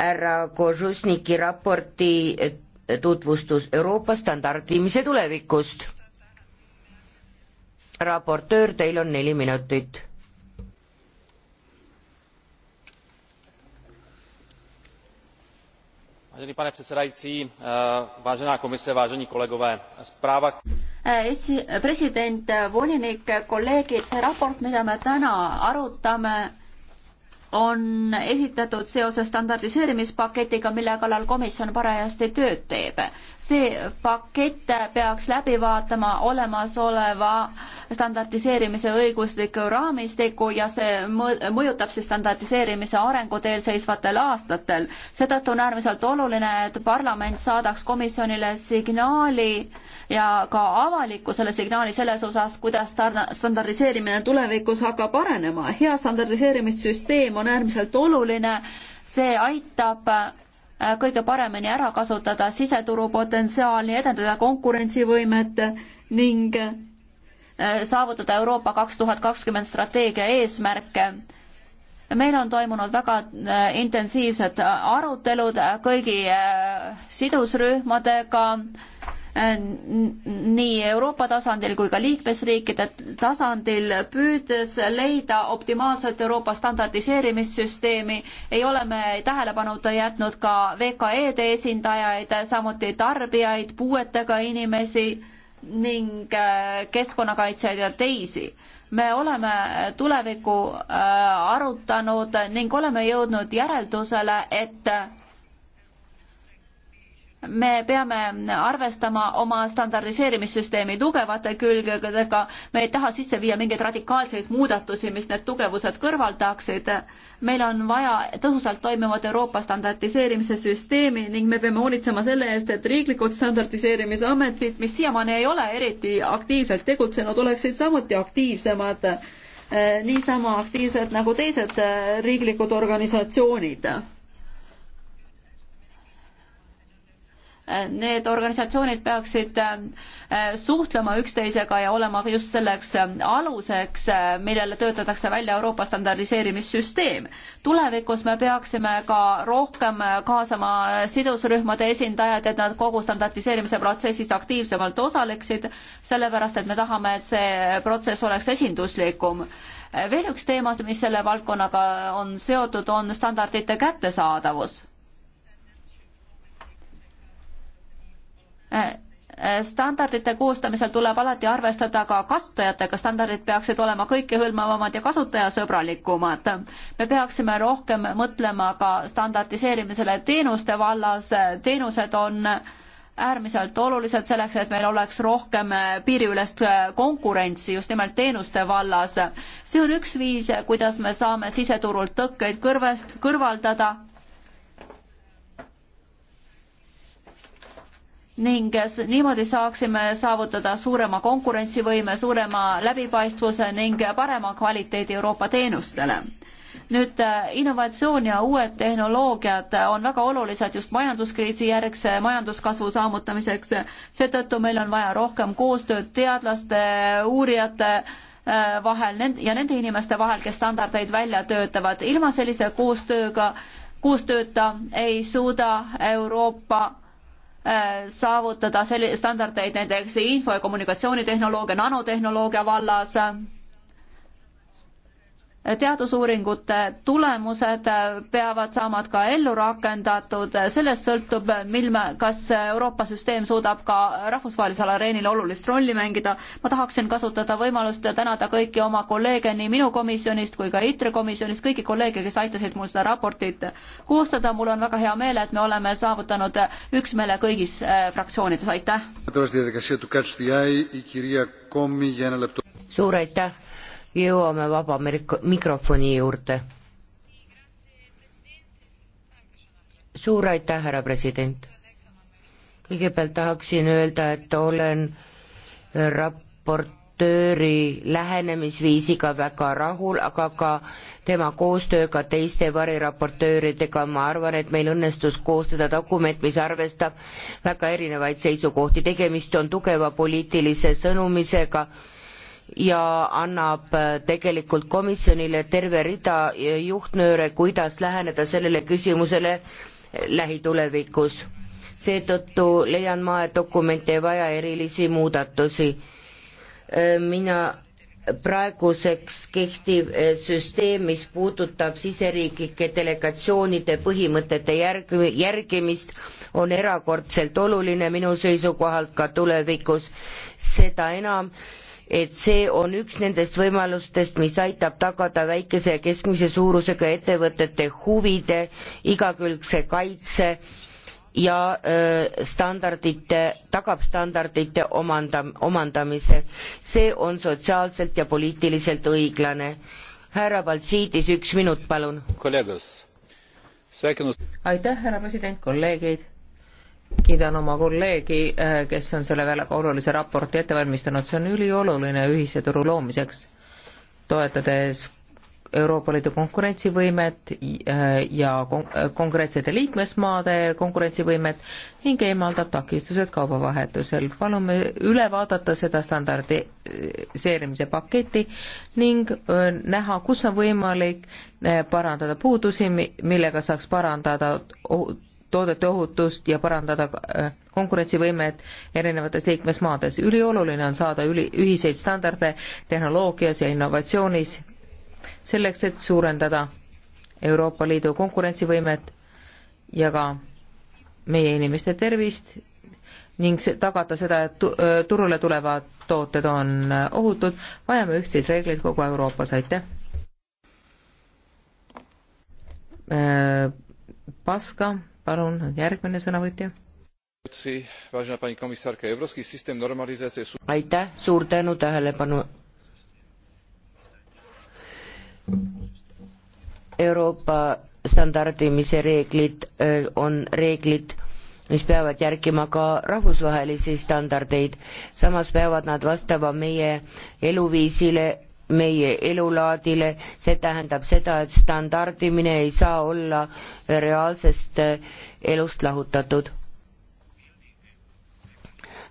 härra Kožusniki raporti tutvustus Euroopa standardimise tulevikust. raportöör, teil on neli minutit. Vážený pane předsedající, eh, vážená komise, vážení kolegové, zpráva eh, esi-, president, eh, volinik, kolleegid, see raport, mida me täna arutame, on esitatud seoses standardiseerimispaketiga, mille kallal komisjon parajasti tööd teeb. see pakett peaks läbi vaatama olemasoleva standardiseerimise õigusliku raamistiku ja see mõjutab siis standardiseerimise arengut eelseisvatel aastatel. seetõttu on äärmiselt oluline, et parlament saadaks komisjonile signaali ja ka avalikkusele signaali selles osas, kuidas standardiseerimine tulevikus hakkab arenema. hea standardiseerimissüsteem on äärmiselt oluline, see aitab äh, kõige paremini ära kasutada siseturu potentsiaali, edendada konkurentsivõimet ning äh, saavutada Euroopa kaks tuhat kakskümmend strateegia eesmärke. meil on toimunud väga äh, intensiivsed arutelud kõigi sidusrühmadega Äh, nii Euroopa tasandil kui ka liikmesriikide tasandil, püüdes leida optimaalset Euroopa standardiseerimissüsteemi, ei ole me tähelepanuta jätnud ka VKE-de esindajaid, samuti tarbijaid, puuetega inimesi ning äh, keskkonnakaitsjaid ja teisi. me oleme tulevikku äh, arutanud ning oleme jõudnud järeldusele, et me peame arvestama oma standardiseerimissüsteemi tugevate külgedega, me ei taha sisse viia mingeid radikaalseid muudatusi, mis need tugevused kõrvaldaksid. meil on vaja tõhusalt toimivat Euroopa standardiseerimise süsteemi ning me peame hoolitsema selle eest, et riiklikud standardiseerimisametid, mis siiamaani ei ole eriti aktiivselt tegutsenud, oleksid samuti aktiivsemad, niisama aktiivsed nagu teised riiklikud organisatsioonid Need organisatsioonid peaksid äh, suhtlema üksteisega ja olema just selleks äh, aluseks, äh, millele töötatakse välja Euroopa standardiseerimissüsteem. tulevikus me peaksime ka rohkem kaasama sidusrühmade esindajad, et nad kogu standardiseerimise protsessis aktiivsemalt osaleksid, sellepärast et me tahame, et see protsess oleks esinduslikum veel üks teema, mis selle valdkonnaga on seotud, on standardite kättesaadavus. standardite koostamisel tuleb alati arvestada ka kasutajatega, standardid peaksid olema kõikehõlmavamad ja kasutajasõbralikumad. me peaksime rohkem mõtlema ka standardiseerimisele teenuste vallas, teenused on äärmiselt olulised selleks, et meil oleks rohkem piiriülest konkurentsi just nimelt teenuste vallas. see on üks viis, kuidas me saame siseturult tõkkeid kõrvest, kõrvaldada ning niimoodi saaksime saavutada suurema konkurentsivõime, suurema läbipaistvuse ning parema kvaliteedi Euroopa teenustele. nüüd äh, innovatsioon ja uued tehnoloogiad on väga olulised just majanduskriisi järgse majanduskasvu saamutamiseks, seetõttu meil on vaja rohkem koostööd teadlaste, uurijate, äh, vahel ja nende inimeste vahel, kes standardeid välja töötavad. ilma sellise koostööga, koostööta ei suuda Euroopa Äh, saavutada selliseid standardeid näiteks info- ja kommunikatsioonitehnoloogia, nanotehnoloogia vallas teadusuuringute tulemused peavad saama ka ellu rakendatud, sellest sõltub, mil me, kas Euroopa süsteem suudab ka rahvusvahelisel areenil olulist rolli mängida. ma tahaksin kasutada võimalust ja tänada kõiki oma kolleege nii minu komisjonist kui ka ITRE komisjonist, kõiki kolleege, kes aitasid mul seda raportit koostada. mul on väga hea meel, et me oleme saavutanud üksmeele kõigis eh, fraktsioonides, aitäh! suur aitäh! jõuame vaba mikrofoni juurde. suur aitäh, härra president. kõigepealt tahaksin öelda, et olen raportööri lähenemisviisiga väga rahul, aga ka tema koostööga teiste variraportööridega, ma arvan, et meil õnnestus koostada dokument, mis arvestab väga erinevaid seisukohti, tegemist on tugeva poliitilise sõnumisega ja annab äh, tegelikult komisjonile terve rida äh, juhtnööre, kuidas läheneda sellele küsimusele äh, lähitulevikus. seetõttu leian ma, et dokument ei vaja erilisi muudatusi. mina praeguseks kehtiv süsteem, mis puudutab siseriiklike delegatsioonide põhimõtete järg-, järgimist, on erakordselt oluline minu seisukohalt ka tulevikus, seda enam, et see on üks nendest võimalustest, mis aitab tagada väikese ja keskmise suurusega ettevõtete huvide igakülgse kaitse ja öö, standardite, tagab standardite omanda, omandamise. see on sotsiaalselt ja poliitiliselt õiglane. härra Baltšiidis, üks minut, palun. aitäh, härra president, kolleegid kiidan oma kolleegi, äh, kes on selle väga olulise raporti ette valmistanud, see on ülioluline ühise turu loomiseks, toetades Euroopa Liidu konkurentsivõimet äh, ja äh, konkreetsete liikmesmaade konkurentsivõimet ning eemaldab takistused kaubavahetusel. palume üle vaadata seda standardiseerimise paketti ning näha, kus on võimalik parandada puudusi, millega saaks parandada toodete ohutust ja parandada äh, konkurentsivõimet erinevates liikmesmaades. ülioluline on saada üli, ühiseid standarde tehnoloogias ja innovatsioonis selleks, et suurendada Euroopa Liidu konkurentsivõimet ja ka meie inimeste tervist ning tagada seda, et äh, turule tulevad tooted on äh, ohutud, vajame ühtseid reegleid kogu Euroopas, aitäh! Paska, palun, järgmine sõnavõtja. aitäh, suur tänu tähelepanu. Euroopa standardimise reeglid on reeglid, mis peavad järgima ka rahvusvahelisi standardeid, samas peavad nad vastama meie eluviisile meie elulaadile, see tähendab seda, et standardimine ei saa olla reaalsest äh, elust lahutatud.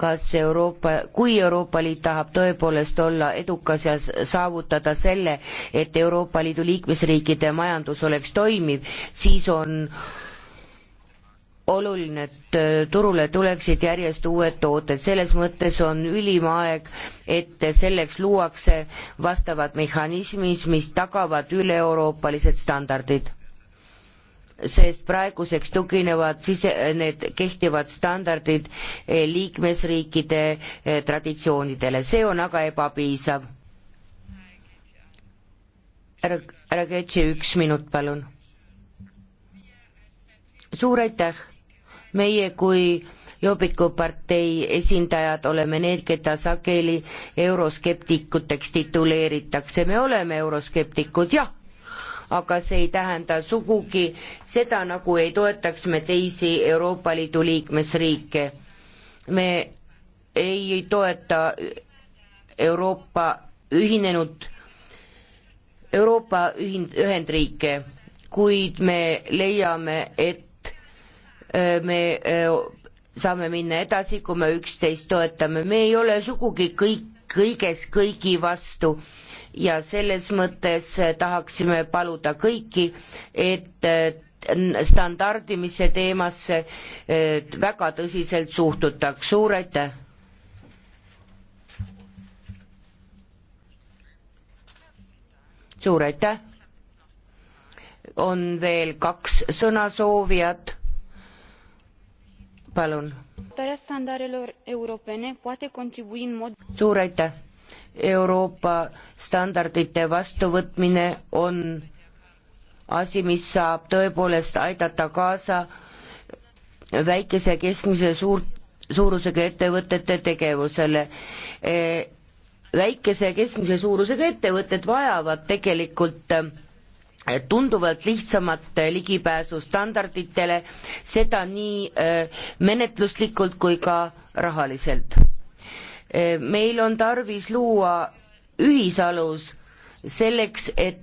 kas Euroopa, kui Euroopa Liit tahab tõepoolest olla edukas ja saavutada selle, et Euroopa Liidu liikmesriikide majandus oleks toimiv, siis on oluline, et äh, turule tuleksid järjest uued tooted, selles mõttes on ülim aeg, et selleks luuakse vastavad mehhanismid, mis tagavad üle-euroopalised standardid. sest praeguseks tuginevad sise, need kehtivad standardid äh, liikmesriikide äh, traditsioonidele, see on aga ebapiisav. härra, härra Ketši, üks minut palun suur aitäh! meie kui Jobbiku partei esindajad oleme need, keda sageli euroskeptikuteks tituleeritakse, me oleme euroskeptikud, jah, aga see ei tähenda sugugi seda, nagu ei toetaks me teisi Euroopa Liidu liikmesriike. me ei toeta Euroopa ühinenud, Euroopa ühind-, Ühendriike, kuid me leiame, et Äh, me äh, saame minna edasi, kui me üksteist toetame, me ei ole sugugi kõik, kõiges kõigi vastu ja selles mõttes äh, tahaksime paluda kõiki, et standardimise teemasse väga tõsiselt suhtutaks, suur aitäh! suur aitäh! on veel kaks sõnasoovijat palun. suur aitäh. Euroopa standardite vastuvõtmine on asi, mis saab tõepoolest aidata kaasa väikese, keskmise, suur, suurusega ettevõtete tegevusele e,. väikese ja keskmise suurusega ettevõtted vajavad tegelikult tunduvalt lihtsamat äh, ligipääsu standarditele, seda nii äh, menetluslikult kui ka rahaliselt. Äh, meil on tarvis luua ühisalus selleks, et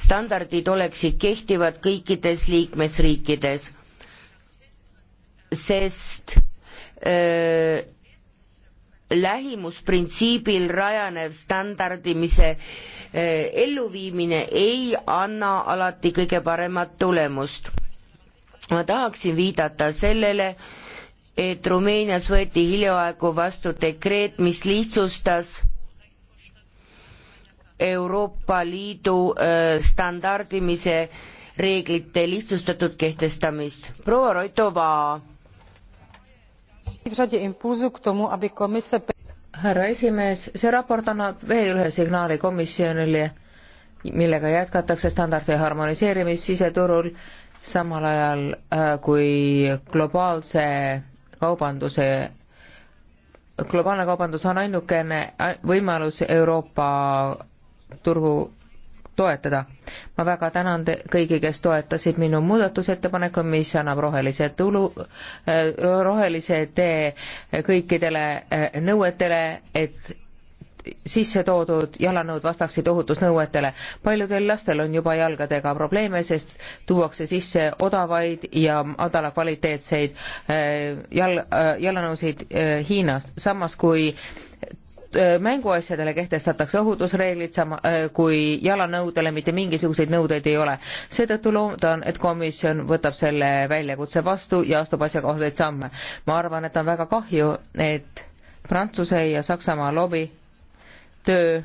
standardid oleksid kehtivad kõikides liikmesriikides, sest öö, lähimusprintsiibil rajanev standardimise eh, elluviimine ei anna alati kõige paremat tulemust. ma tahaksin viidata sellele, et Rumeenias võeti hiljaaegu vastu dekreet, mis lihtsustas Euroopa Liidu eh, standardimise reeglite lihtsustatud kehtestamist. proua Roitova härra esimees, see raport annab veel ühe signaali komisjonile, millega jätkatakse standardi harmoniseerimist siseturul, samal ajal äh, kui globaalse kaubanduse globaalne kaubandus on ainukene võimalus Euroopa turu toetada. ma väga tänan te kõigi, kes toetasid minu muudatusettepaneku, mis annab rohelise tulu, äh, rohelise tee äh, kõikidele äh, nõuetele, et sisse toodud jalanõud vastaksid ohutusnõuetele. paljudel lastel on juba jalgadega probleeme, sest tuuakse sisse odavaid ja madalakvaliteetseid jal-, jalanõusid Hiinast, samas kui Äh, mänguasjadele kehtestatakse ohutusreeglid sama äh, kui jalanõudele mitte mingisuguseid nõudeid ei ole. seetõttu loodan, et komisjon võtab selle väljakutse vastu ja astub asjakohaseid samme. ma arvan, et on väga kahju, et Prantsuse ja Saksamaa lobi töö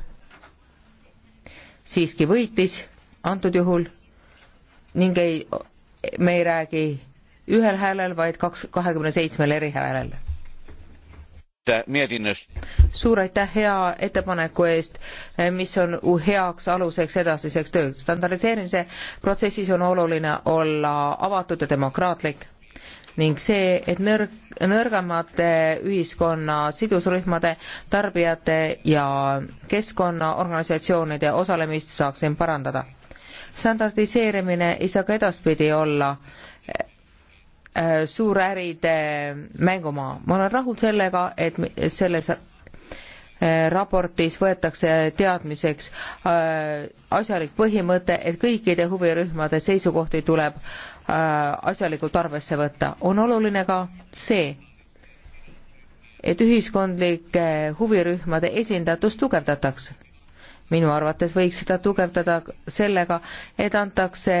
siiski võitis antud juhul ning ei, me ei räägi ühel häälel, vaid kaks, kahekümne seitsmel eri häälel mietinnöstä. suur aitäh hea ettepaneku eest, mis on heaks aluseks edasiseks tööks. standardiseerimise protsessis on oluline olla avatud ja demokraatlik ning see, et nõrg, nõrgemate ühiskonna sidusrühmade, tarbijate ja keskkonnaorganisatsioonide osalemist saaks siin parandada. standardiseerimine ei saa ka edaspidi olla äh, Äh, suuräride mängumaa. ma olen rahul sellega, et selles äh, raportis võetakse teadmiseks äh, asjalik põhimõte, et kõikide huvirühmade seisukohti tuleb asjalikult arvesse võtta. on oluline ka see, et ühiskondlike huvirühmade esindatust tugevdataks. minu arvates võiks seda tugevdada sellega, et antakse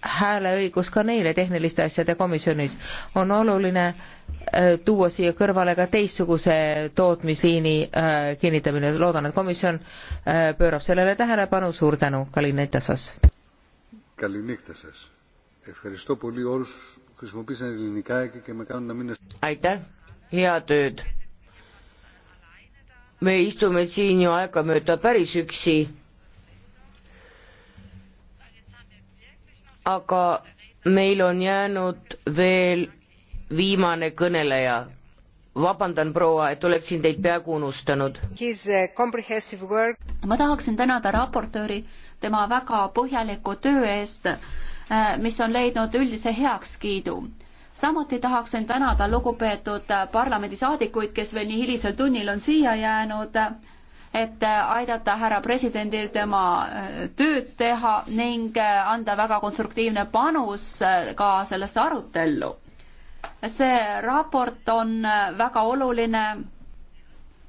hääleõigus ka neile tehniliste asjade komisjonis. on oluline äh, tuua siia kõrvale ka teistsuguse tootmisliini äh, kinnitamine. loodan, et komisjon äh, pöörab sellele tähelepanu. suur tänu, Kalin Netasas. aitäh, head ööd. me istume siin ju aegamööda päris üksi aga meil on jäänud veel viimane kõneleja. vabandan, proua, et oleksin teid peaaegu unustanud. Uh, ma tahaksin tänada raportööri tema väga põhjaliku töö eest, uh, mis on leidnud üldise heakskiidu samuti tahaksin tänada lugupeetud uh, parlamendisaadikuid, kes veel nii hilisel tunnil on siia jäänud et äh, aidata härra presidendil tema äh, tööd teha ning äh, anda väga konstruktiivne panus ka sellesse arutellu. see raport on väga oluline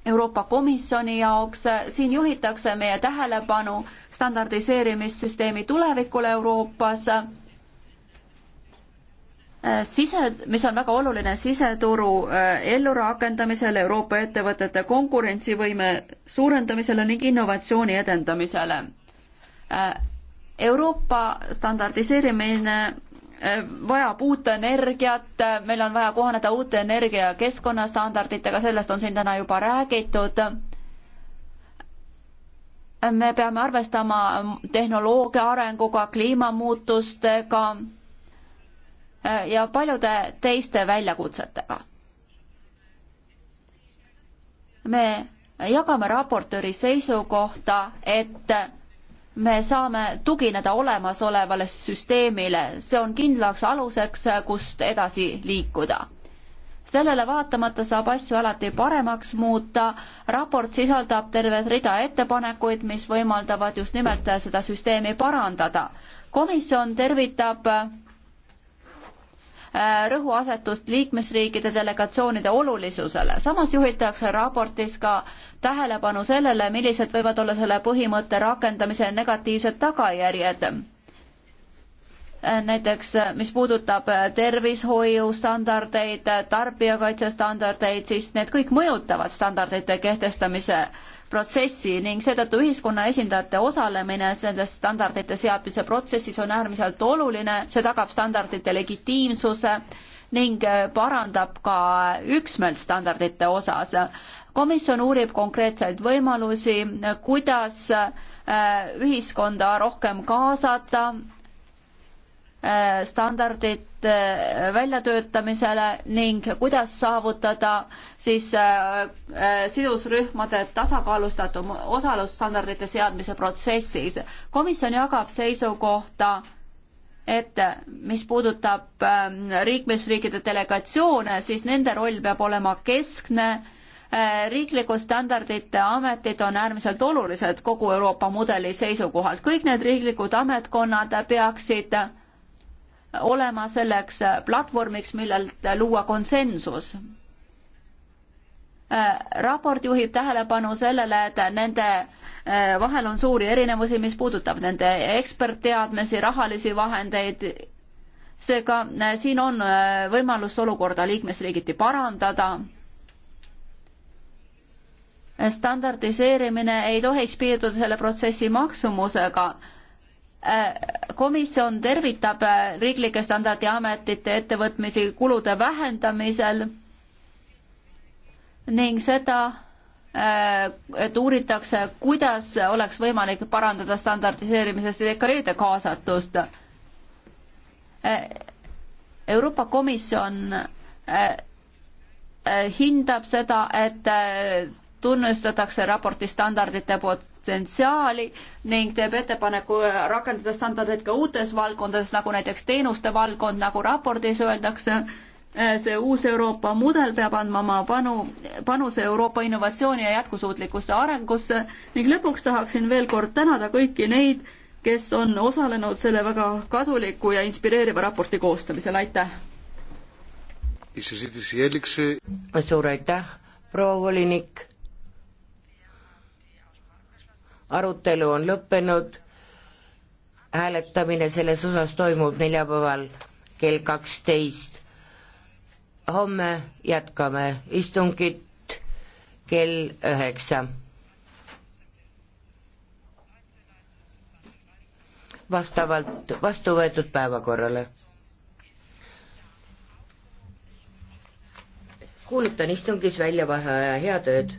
Euroopa Komisjoni jaoks, siin juhitakse meie tähelepanu standardiseerimissüsteemi tulevikule Euroopas Äh, sise, mis on väga oluline siseturu äh, ellurakendamisel, Euroopa ettevõtete konkurentsivõime suurendamisele ning innovatsiooni edendamisele. Äh, Euroopa standardiseerimine vajab uut energiat, meil on vaja kohaneda uute energia ja keskkonnastandarditega, sellest on siin täna juba räägitud. me peame arvestama tehnoloogia arenguga, kliimamuutustega Äh, ja paljude teiste väljakutsetega. me jagame raportööri seisukohta, et me saame tugineda olemasolevale süsteemile, see on kindlaks aluseks, kust edasi liikuda sellele vaatamata saab asju alati paremaks muuta. raport sisaldab tervet rida ettepanekuid, mis võimaldavad just nimelt seda süsteemi parandada. komisjon tervitab Äh, rõhuasetust liikmesriikide delegatsioonide olulisusele. samas juhitakse raportis ka tähelepanu sellele, millised võivad olla selle põhimõtte rakendamise negatiivsed tagajärjed näiteks mis puudutab tervishoiustandardeid, tarbijakaitsestandardeid, siis need kõik mõjutavad standardite kehtestamise protsessi ning seetõttu ühiskonna esindajate osalemine selles standardite seadmise protsessis on äärmiselt oluline, see tagab standardite legitiimsuse ning parandab ka üksmeelt standardite osas. komisjon uurib konkreetseid võimalusi, kuidas äh, ühiskonda rohkem kaasata Äh, standardite äh, väljatöötamisele ning kuidas saavutada siis äh, sidusrühmade tasakaalustatum osalus standardite seadmise protsessis. komisjon jagab seisukohta, et mis puudutab liikmesriikide ähm, delegatsioone, siis nende roll peab olema keskne. riiklikud standardite ametid on äärmiselt olulised kogu Euroopa mudeli seisukohalt. kõik need riiklikud ametkonnad peaksid olema selleks platvormiks, millelt luua konsensus. Äh, raport juhib tähelepanu sellele, et nende äh, vahel on suuri erinevusi, mis puudutab nende ekspertteadmisi, rahalisi vahendeid, seega äh, siin on võimalus olukorda liikmesriigiti parandada. standardiseerimine ei tohiks piirduda selle protsessi maksumusega komisjon tervitab riiklike standardiametite ettevõtmisi kulude vähendamisel ning seda, et uuritakse, kuidas oleks võimalik parandada standardiseerimisest VKE-de kaasatust. Euroopa Komisjon hindab seda, et tunnustatakse raporti standardite potentsiaali ning teeb ettepaneku rakendada standardeid ka uutes valdkondades, nagu näiteks teenuste valdkond, nagu raportis öeldakse, see uus Euroopa mudel peab andma oma panu, panuse Euroopa innovatsiooni ja jätkusuutlikkusse arengusse ning lõpuks tahaksin veel kord tänada kõiki neid, kes on osalenud selle väga kasuliku ja inspireeriva raporti koostamisel, aitäh! suur aitäh, proua volinik! arutelu on lõppenud, hääletamine selles osas toimub neljapäeval kell kaksteist. homme jätkame istungit kell üheksa. vastavalt vastu võetud päevakorrale. kuulutan istungis välja vaheaja, head ööd!